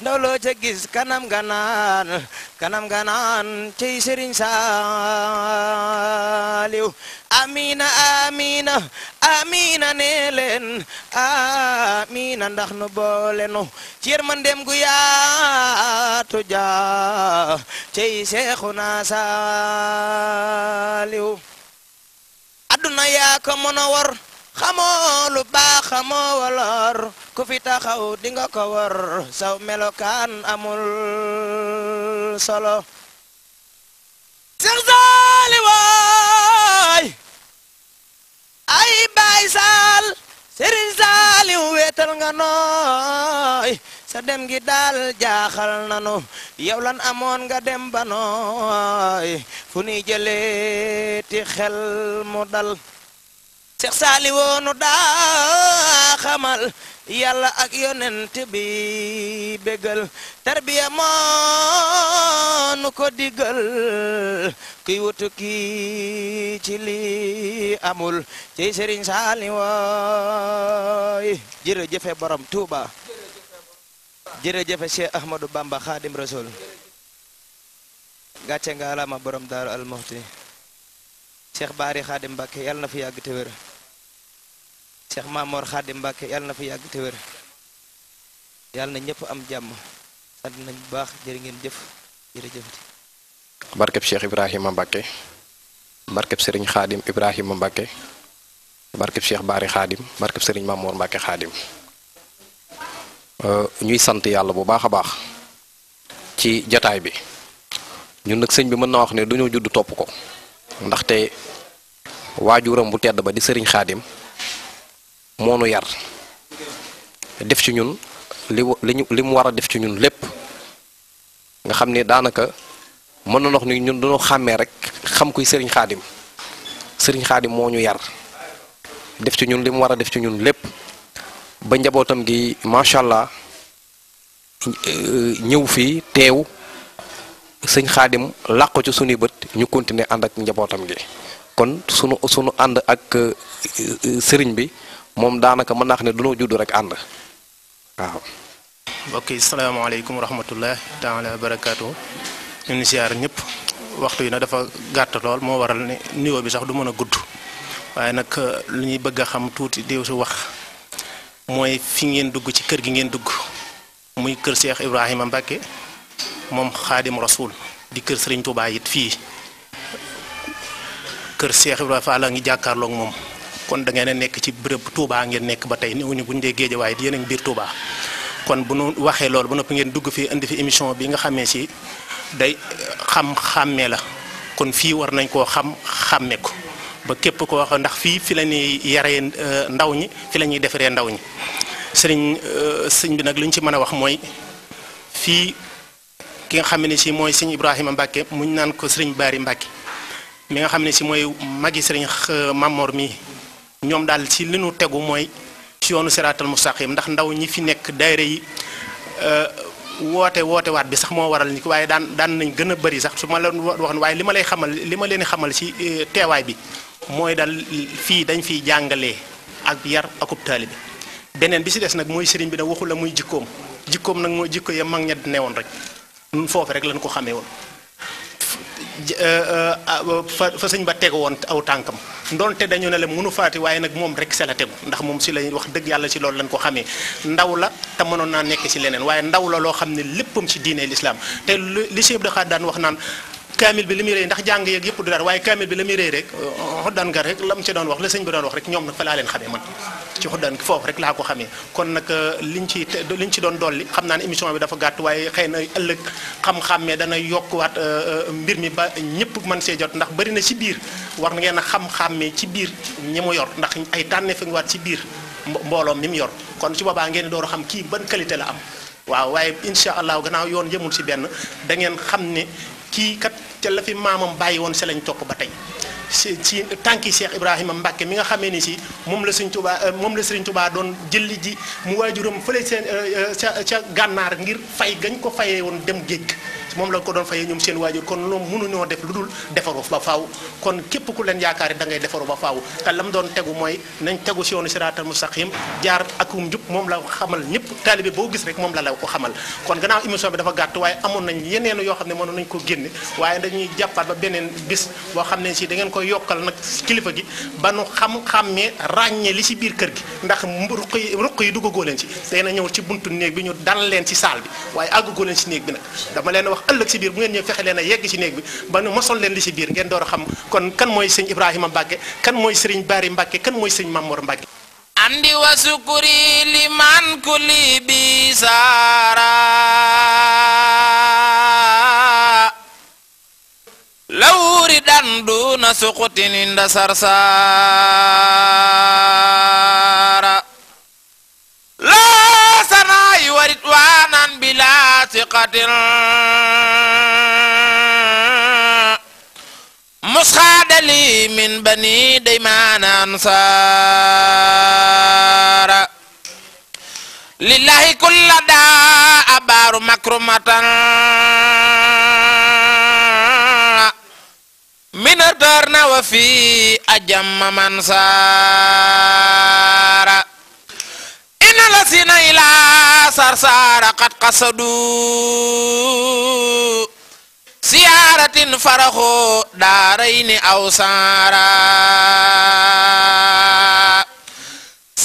ndaw loo ca gis kanam ganaan kanam ganaan cey Sëriñ Saaliw amina amina amina nee amina ndax nu boole nu ci yërmandeem gu yaatu ja cey Seexuna Saaliw àdduna yaa ko mën a war xamoo lu baax xamoo waloor ku fi taxaw ko war saw melokaan amul solo sëx saali waay ay baay saal sëriñ saali wetal nga nooy sa dem gi daal jaaxal nanu yow lan amoon nga dem ba nooy fu nuy jëleeti xel mu dal Seex Saali woonu daa xamal ak yonent bi bégal tarbiya moo ko digal kuy wutu kii ci li amul ci Sëriñ Saali wooy jërëjëfe borom Tuuba jërëjëf Cheikh Ahmadou Bamba Khadim Rasoul gàcce nga alama borom daaru almuxti Cheikh Baari Khadim Mbacke yàlla na fi yàgg te wér Cheikh Mamor na ñëpp am jàmm sant nañ bu baax jërë ngeen jëf jërëjëfati barkeb Cheikh Ibrahima Mbacke barkeb Serigne Khadim Ibrahima Mbacke barkeb Cheikh Baari Khadim barkeb Serigne Mamor Mbacke Khadim Euh, ñuy sant yàlla bu baax a baax ci jataay bi ñun nag sëñ bi mën na wax ne duñu judd topp ko ndaxte waajuram bu tedd ba di sëriñ xaadim moonu yar def ci ñun li li mu war a def ci ñun lépp nga xam ne daanaka mën na wax ni ñun dañoo xàmmee rek xam kuy sëriñ xaadim sëriñ xaadim moo ñu yar def ci ñun li mu war a def ci ñun lépp ba njabootam gi macha allah euh, ñëw fii teew sëñ xaadim làqu ci sunuy bët ñu continuer ànd ak njabootam gi kon sunu sunu ànd ak euh, euh, sëriñ bi moom daanaka mën naa xam ne dunoo juddu rek ànd waaw mbokk yi salaamaaleykum wa rahmatullah ñëpp waxtu yi nag dafa gàtt lool moo waral ne niveau bi sax du mën a gudd waaye nag lu ñuy bëgg a xam tuuti déew su wax mooy fi ngeen dugg ci kër gi ngeen dugg muy kër Cheikh Ibrahima Mbacke moom xaadim rasul di kër Serigne Touba it fii kër Cheikh Ibrahima Fall a ngi jàkkaarloog moom kon da ngeen nekk ci bërëb Touba ngeen nekk ba tey néewuñu buñ dee géej waaye di a ngi biir Touba kon bu nu waxee loolu ba nopp ngeen dugg fi indi fi émission bi nga xamee si day xam xàmmee la kon fii war nañ koo xam xàmmee ko. ba képp ko wax ndax fii fi la ñuy yaree euh, ndaw ñi fi la ñuy defaree ndaw ñi sëriñ euh, sëñ bi nag lu ñu ci mën a wax mooy fii ki nga xam ne si mooy sëñ Ibrahima Mbacke muñ naan ko sëriñ Bari Mbacke mi nga xam ne si mooy magi sëriñ euh, Mamor mi ñoom daal ci li nu tegu mooy ci yoonu seraatal mu sàq yi ndax ndaw ñi fi nekk daayira yi. woote woote waat bi sax moo waral ni ko waaye daan daan nañ gën a bëri sax su ma leen wax waaye li ma lay xamal li ma leen xamal ci euh, teewaay bi mooy dal fii dañ fiy jàngale ak yar akub taalibe beneen bi si des nag mooy sëriñ bi nag waxu la muy jikkoom jikkoom nag mooy jikko ya mag ña newoon rek nun foofu rek lañ ko xamee woon euh, euh, ah, fa sëñ ba teg woon aw tànkam ndonte dañu ne la mënu faati waaye nag moom rek sela tegu ndax moom si lañ wax dëgg yàlla si loolu lañ ko xamee ndaw la te noon naa nekk si leneen waaye ndaw la loo xam ne léppam si diine l'islam te li Cheikh Abdou daan wax naan kamil bi limi reey ndax jang yeek yep du dar waye kamil bi limi reey rek xuddaan ga rek lam ci doon wax la señ bi doon wax rek ñom nak fa la leen xamé man ci xuddaan ki fofu rek la ko xamé kon nak euh, liñ ci liñ ci doon dolli xamna émission bi dafa gàtt waaye xëy na xam-xammee dana wat euh, euh, mbir mi ba ñëpp man sé jot ndax bari na ci biir war na ngeen xam xamé ci biir ñi yor ndax ay tanne fi wat ci biir mbolom nim yor kon ci baba ngeen door xam ki ban qualité la am waaw waye insha allah gannaaw yoon yëmul ci ben da ngeen ki kat ca la fi maamam bàyyi woon si lañ topp ba tey si si tànki Cheikh Ibrahima Mbacke mi nga xamee ni si moom la Sëriñ Tuubaa euh, moom la Sëriñ Tuubaa doon jëlli ji mu waajuram fële seen euh, euh, ca ca gànnaar ngir fay gañ ko fayee woon dem géej moom la ko doon fayee ñoom seen waajur kon loolu mënuñoo def lu dul defaru ba faaw kon képp ku leen yaakaar da ngay defaru ba faaw te mu doon tegu mooy nañ tegu si yoonu siraatal mustaqim jaar akum njub moom la xamal ñëpp taalibe boo gis rek moom la la ko xamal kon gannaaw émission bi dafa gàtt waaye amoon nañ yeneen yoo xam ne mënoon nañ ko génne dañuy jàppaat ba beneen bis boo xam ne si da ngeen koy yokkal nag kilifa gi ba nu xam xàmmee ràññee li si biir kër gi ndax ruq yi ruq yi duggagoo leen si day na ñëw ci buntu néeg bi ñu dal leen si saal bi waaye àggagoo leen si néeg bi nag dama leen wax ëllëg si biir bu ngeen ñëw fexe leen a yegg si néeg bi ba nu mosol leen li si biir ngeen door a xam kon kan mooy sëñ Ibrahima Mbacke kan mooy sëriñ Bari Mbacke kan mooy sëñ Mamour Mbacke amdi wa sukuri liman kuli bi lauri dan duna sukutin inda sarsara la sana iwarit wanan bila siqatil muskadali min bani daiman ansara lillahi kulla da abaru makrumatan minadar nawafi ajam maman sara inalasina ila sarsara kat kasadu siaratin farahu daraini ini ausara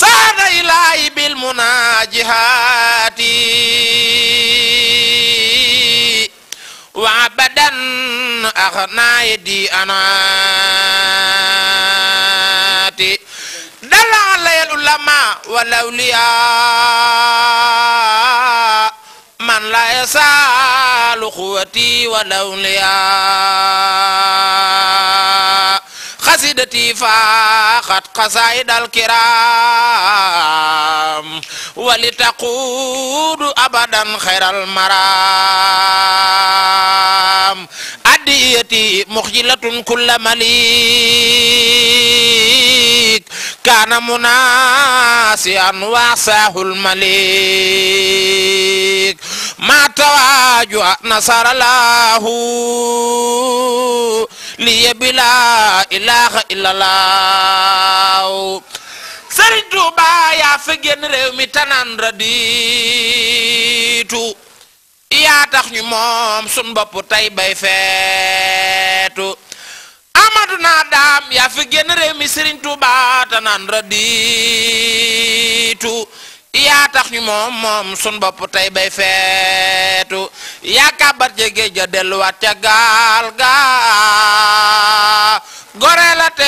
sara ila ibil munajihat وعبدا أخنا يدي أناتي دل علي العلماء والأولياء من لا يسال قوتي والأولياء قصيدتي فاقت قصائد الكرام wali taquudu abadan xayral maraam addiyati muxjilatun kulla malik kaana munaasiyan waasaahul malik ma tawaaju nasaralaahu liya bila ilaha illallah sëriñ Tuuba yaa fi génn réew mi tanaan radiitu yaa tax ñu moom sun bopp tey bay feetu amadu naa daam yaa fi génn réew mi sëriñ Tuuba tanaan radiitu yaa tax ñu moom moom sun bopp tey bay feetu yaa kàbbat ja ja delluwaat ca gaal ga gore la te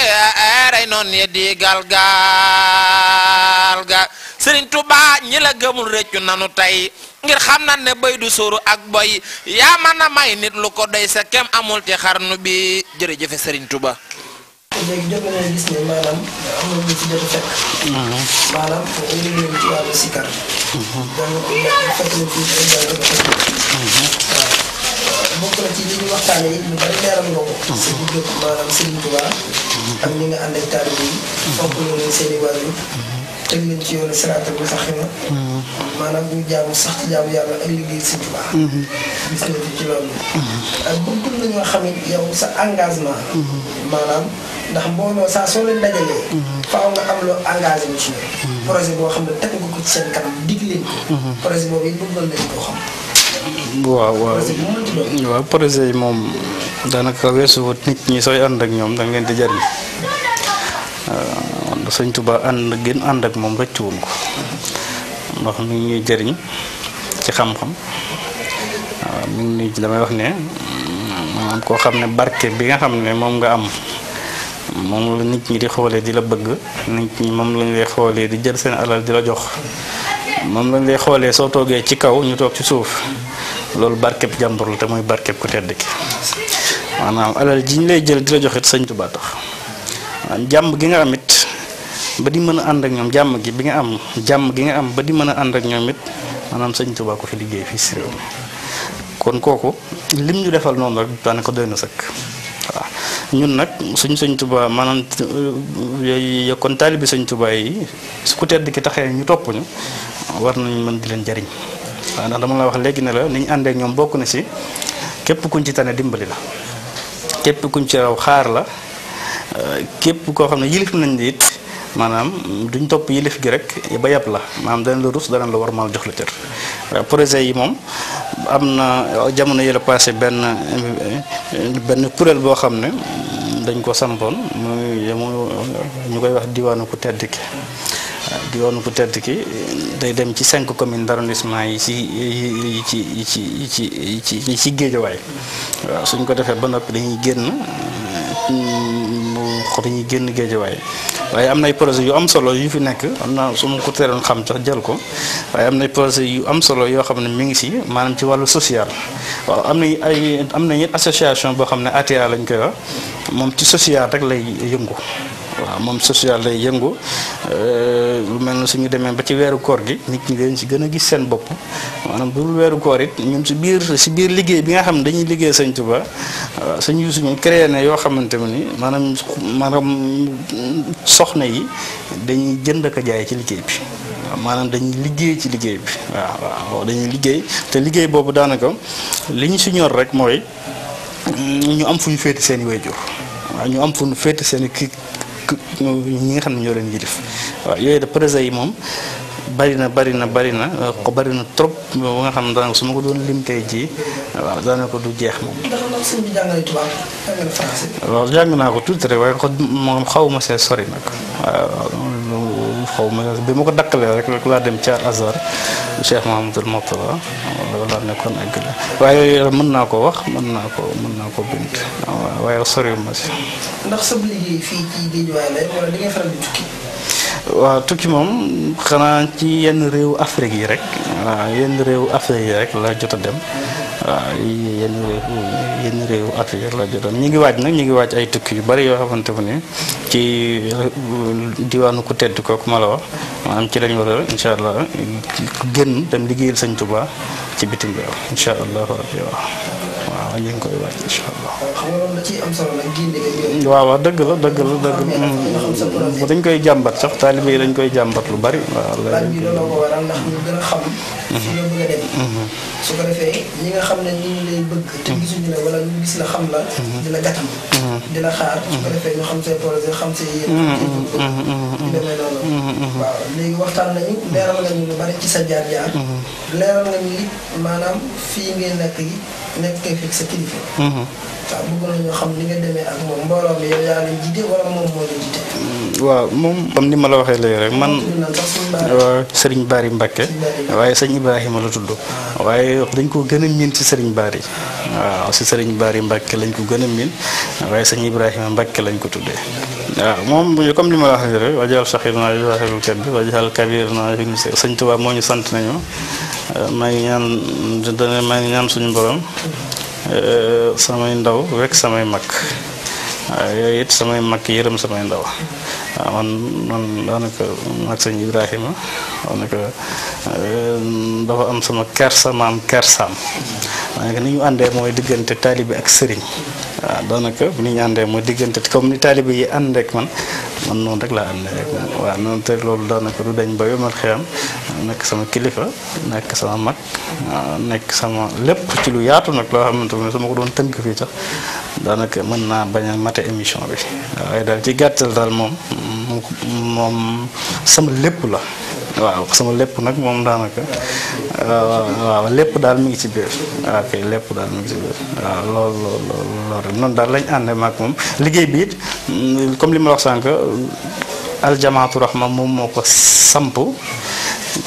rey noon ya di gaal gaal ga Sëriñ Tuubaa ñi la gëmul rëccu nanu tey ngir xam na ne béy du sóoru ak boy yaa mën a may nit lu ko doy sa kem amul ci xarnu bi jërëjëfe Sëriñ Tuubaa léegi jot nañu gis ne maanaam am na lu ci jot a fekk. Mhm. maanaam ñu ci wàllu sikar. Mhm. donc fekk nañu fi mhm. na ci li ñu waxtaanee it lu nga ko. sa digg seen i wàllu. teg leen ci bi sax maanaam ñu jaamu sax ci yàlla ak liggéey Sëñ Tuubaa. gis ci loolu. ak bëgg nañoo xam it sa engagement. maanaam. ndax mbolo sa so len dajale faaw nga am lo engagé ci mm-hmm. projet bo xamne tek teg nga ko ci sen kanam dig len ko mm-hmm. projet boobu it bëggoon nañ ko xam waaw waaw waaw projet mom moom daanaka weesu wut nit ñi soy and ak ñom da ngeen di jariñ waaw señ tuba and gën and ak mom moom rëccuwul ko ndax mi ngi ñuy jariñ ci xam-xam waaw mi ngi damay wax ne maanaam ko xamne ne barke bi nga xamne mom nga am moom la nit ñi di xoolee di la bëgg nit ñi moom lañ lay xoolee di jël seen alal di la jox moom lañ lay xoolee soo toogee ci kaw ñu toog ci suuf loolu barkeb jàmbur la te mooy barkeb ku tedd ki maanaam alal ji ñu lay jël di la jox it sëñ Tuubaa tax jàmm gi nga am ba di mën a ànd ak ñoom jàmm gi bi nga am jàmm gi nga am ba di mën a ànd ak ñoom it maanaam sëñ Tuubaa ko fi liggéey fii si réew mi kon kooku lim ñu defal noonu rek ko doy na sëkk ñun nag suñ sëñ tubaa maanaam yooyu kon taalibi sëñ tubaa yi su ku tedd ki taxee ñu topp ñu war nañ mën di leen jariñ waaw ndax dama la wax léegi ne la ni ñu ñoom bokk na si képp kuñ ci tane dimbali la képp kuñ ci raw xaar la képp koo xam ne yilif nañ it maanaam duñ topp yilif gi rek ba yab la maanaam danañ la rus danañ la war maal jox la cër projet yi moom am na jamono yi la passé benn benn kuréel boo xam ne dañ ko sampoon muy mu ñu koy wax diwaanu ku tedd ki diwaanu ku tedd ki day dem ci cinq communes d'arrondissement yi ci yi ci yi ci yi ci yi ci yi ci géejawaay suñ ko defee ba noppi dañuy génn xool yi génn géejawaay waaye am nay projet yu am solo yu fi nekk am na su ma ko teeloon xam sax jël ko waaye am nay projet yu am solo yoo xam ne mi ngi si maanaam ci wàllu social waaw am na yi ay am na ñett association boo xam ne ATA lañ koy wax moom ci social rek lay yëngu. waaw moom social lay yëngu euh, lu mel na suñu demee ba ci weeru koor gi nit ñi leen si gën a gis seen bopp maanaam bu dul weeru koor it ñun si biir si biir liggéey bi nga xam ne dañuy liggéey sëñ Tuba waaw sëñ Yuusu na yoo xamante ne ni maanaam maanaam soxna yi dañuy jënd ak jaay ci liggéey bi. maanaam dañuy liggéey ci liggéey bi waaw waaw dañuy liggéey te liggéey boobu daanaka li ñu si ñor rek mooy ñu am fu ñu féete seen i wayjur waaw ñu am fu ñu féete seen i Euh, ñi nga xam ne ñoo leen yilif waaw yooyu de projet yi moom bari na bari na bari na euh, ko bari na trop ba nga xam ne daanaka su ma ko doon lim tey jii waaw daanaka du jeex moom. waaw jàng naa ko tuuti rek waaye xaw ma see sori nag waaw. xaw ma bi ma ko dakkalee rek rek laa dem ca Azhar Cheikh Mahamadul Murtada loolu laa nekkoon eggale waaye mën naa koo wax mën naa ko mën naa koo bind waaye soriwul ma si. ndax sa liggéey fii ci Guédiawaye lay wala di nga faral di tukki. waaw tukki moom xanaa ci yenn réew Afrique yi rek waaw yenn réewu Afrique yi rek laa jot a dem. waa yenn réew yenn réew Afrique la jotoon ñu ngi waaj nag ñi ngi waaj ay tukki yu bari yoo xamante ne ci diwaanu ku tedd kooku ma la wax maanaam ci lañ war a incha allah gën dem liggéeyal sëñ Tuubaa ci bitim réew incha allah rabbi waaw yang ñu koy wacc inshallah xam nga la ci am solo la gindi ngay waaw deug la deug la deug bu dañ koy jambat sax talibé dañ koy jambat lu bari waaw la ñu la ko waral ndax ñu gëna xam ci yow nga dem su ko defé ñi nga xam ne ñi lay bëgg te gisuñu la wala ñu gis la xam la dina gatam dina xaar su ko defé ñu xam say projet xam say demé lolu waaw waxtaan nañu leral nga ñu lu bari ci sa jaar jaar leral nga ñu manam fi ngeen nekk yi nekk kay fekk sa kilifa. Mhm. waaw bëgg nañoo xam ni nga demee ak moom mbooloo mi yow yaa leen jiite a moom moo leen jiite. waaw moom comme ni ma la waxee léegi rek man sëriñ baar Bari Mbakke waaye sëñ Ibrahima la tudd waaye dañ koo gën a miin ci sëriñ yi waaw si sëriñ baar Bari Mbakke lañ ko gën a miin waaye sëñ Ibrahima Mbakke lañ ko tuddee waaw moom comme li ma la waxee rek wajal saxir naa wajal kabir wajal kabir naa sëñ Tuubaa moo ñu sant nañu maa ngi ñaan dana maa ñaan suñu borom eh, samay ndaw rek samay mag waaw yooyu it samay mag yërëm samay ndaw waa ah, man man daanaka ak sëñ Ibrahima daanaka euh, dafa am sama kersa maam kersaam daanaka ni ñu àndee mooy diggante taalibe ak sëriñ waaw ah, daanaka ni ñu àndee mooy diggante comme ni taalibe yi ànd ak man man noonu rek laa àndee rek waaw noonu te loolu daanaka du dañ ba yomal xiyam nekk sama kilifa nekk sama mag nekk sama lépp ci lu yaatu nag loo xamante ne su ma ko doon tënk fii sax daanaka mën naa bañ a mate émission bi waaye daal ci gàttal daal moom moom sama lépp la waaw sama lépp nag moom daanaka waaw lépp daal mi ngi si biir waaw kay lépp daal mi ngi ci biir waaw lool lool lool rek noonu daal lañ àndee maag moom liggéey bi mm, comme li ma wax sànq aljamaatu rahma moom moo ko samp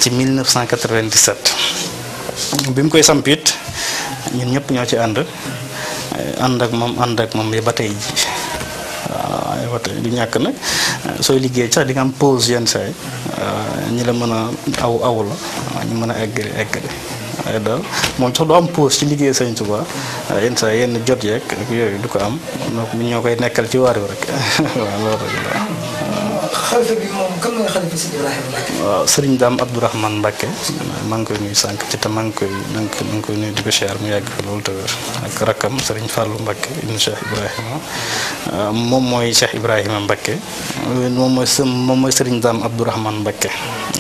ci mille 1997 bi mu koy samp it ñun ñëpp ñoo ci ànd ànd ak moom ànd ak moom ba tey ji waaw ah, ay wate du ñàkk nag euh, sooy liggéey ca di nga am pause yenn saay euh, ñi la mën a aw aw la ah, ñu mën a eggale eggale waaye daal moom sax du am pause ci liggéey Sëñ Tuubaa ah, yenn saa yenn jot yeeg ak yooyu du ko am donc ñoo koy nekkal ci waar wi rek waaw loolu rek xalifa bi moom kan mooy xalifa Sidi Ibrahima Mbacke. waaw sëriñ Daam Abdourahmane Mbacke maa ngi koy nuyu sànq ci te maa ngi koy maa ngi koy nuyu di ko siyaar mu yàgg fi loolu te wér ak rakkam sëriñ Fallou Mbacke ibnu Cheikh Ibrahima euh, moom mooy Cheikh Ibrahima Mbacke euh, moom mooy së moom mooy sëriñ Daam Abdourahmane Mbacke.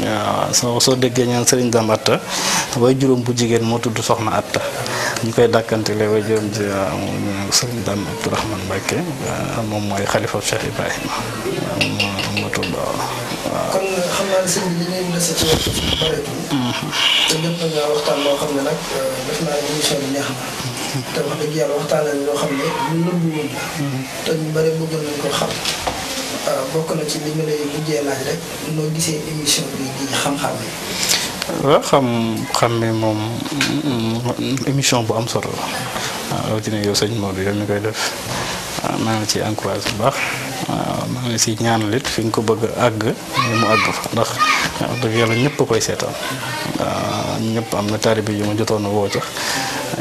waaw soo soo déggee ñaan sëriñ Daam Atta way juróom bu jigéen moo tudd Soxna Atta ñu koy dàkkantele way juróom ji sëriñ Daam Abdourahmane Mbacke moom mooy xalifa Cheikh Ibrahima. sëñ bi ñu la si ci waxtu bi bëreetul. te lépp nag waxtaan loo xam ne nag euh, def naa émission bi neex na. Mm-hmm. te wax dëgg yàlla waxtaan nañ loo xam ne lu nëbbu woon la. Mm-hmm. te ñu bëri euh, bokk na ci li ma lay mujjee laaj rek noo moom émission bu am solo la. waaw yow sëñ Modou yow mi koy def ah, maa ngi ciy encourage bu baax. waaw maa ngi si ñaanal it fi nga ko bëgg àgg mu àgg fa ndax dëgg yàlla ñëpp koy ñëpp am na yu ma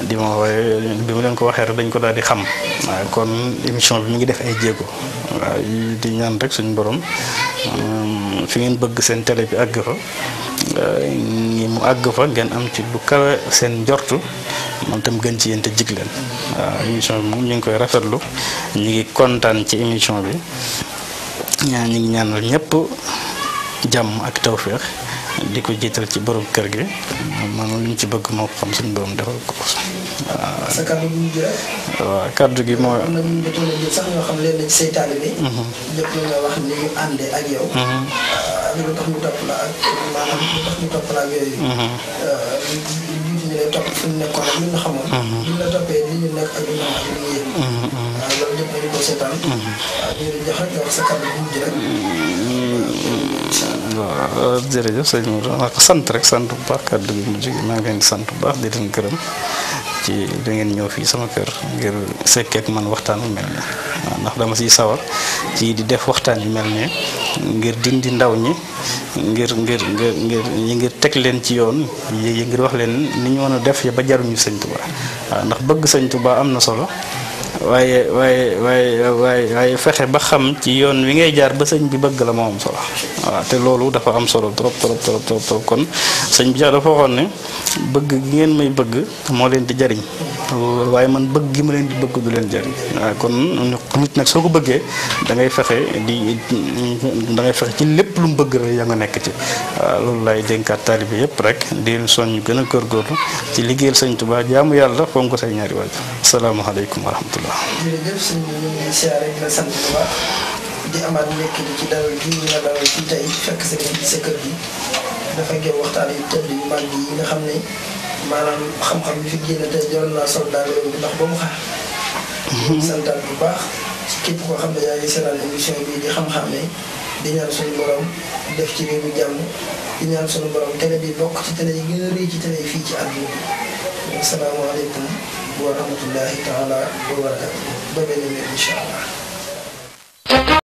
di ma wooye bi ma leen ko rek dañ ko xam kon émission bi mi ngi def ay jéego di ñaan rek suñu borom um, fi ngeen bëgg seen télé bi àgg fa uh, ngi mu àgg fa ngeen am ci lu kawe seen njortu moom tam gën ci yéen te jig émission bi ñu ngi koy rafetlu ñi ngi contane ci émission bi ñaan ñi ñaanal ñëpp jàmm ak tawféex di ko jiital ci borom kër gi man lu ci bëgg moo xam suñu borom defal ko ah. waaw kaddu gi moo am na ñu jotoon jël sax ñoo xam leen ci say talibé mhm. ñëpp ñu wax ni ñu ànde ak yow mhm. ak ah, tax ñu topp la ak maanaam lu tax ñu topp la ak yooyu mhm. ah, ñu ñu lay topp fu ñu ñu xamoon ñu la toppee ñu nekk ak ñu ak ñu ngi sant rek sant bu baax kàddu gi mujj gi maa ngi leen di sant bu baax di leen gërëm ci dangeen ñëw fii sama kër ngir sekkeek man waxtaan wu mel nii waaw ndax dama siy sawar ci di def waxtaan yu mel nii ngir dindi ndaw ñi ngir ngir ngir ngir ñi ngir teg leen ci yoon yi ngir wax leen ni ñu mën a def ba jaruñu sëñ Tuubaa waaw ndax bëgg sëñ Tuubaa am na solo. waaye waaye waaye waaye waaye fexe ba xam ci yoon wi ngay jaar ba sëñ bi bëgg la moo am solo waaw te loolu dafa am solo trop trop trop trop kon sëñ bi sax dafa waxoon ne bëgg gi ngeen may bëgg moo leen di jariñ waaye man bëgg gi ma leen di bëgg du leen jariñ waaw kon nit nag soo ko bëggee dangay fexe di da fexe ci lépp lu mu bëgg rek yaa nga nekk ci waaw loolu laay dénkaat taalibe yëpp rek di leen soññ gën a kër góorgóorlu ci liggéeyal sëñ Tuubaa jaamu yàlla fonk say ñaari waajur jërëjëf sëñ bi ñu ngi lay siyaare sant bu baax di amaat nekk di ci dalal gi ñu la dalal ci tey fekk sa kër gi sa kër gi dafa ngeen waxtaan yu tëdd yu mag yi nga xam ne maanaam xam-xam bi fi génn tey jëloon naa soldat yooyu ndax ba mu xaar. Mhm. santaat bu baax képp ko xam ne yaa ngi seetaan émission bii di xam-xam ne di ñaan suñu borom def ci réew mi jàmm di ñaan suñu borom télé bi bokk ci télé yi gën a ci télé yi fii ci àdduna bi. asalaamaaleykum. ورحمة الله تعالى وبركاته بمن إن شاء الله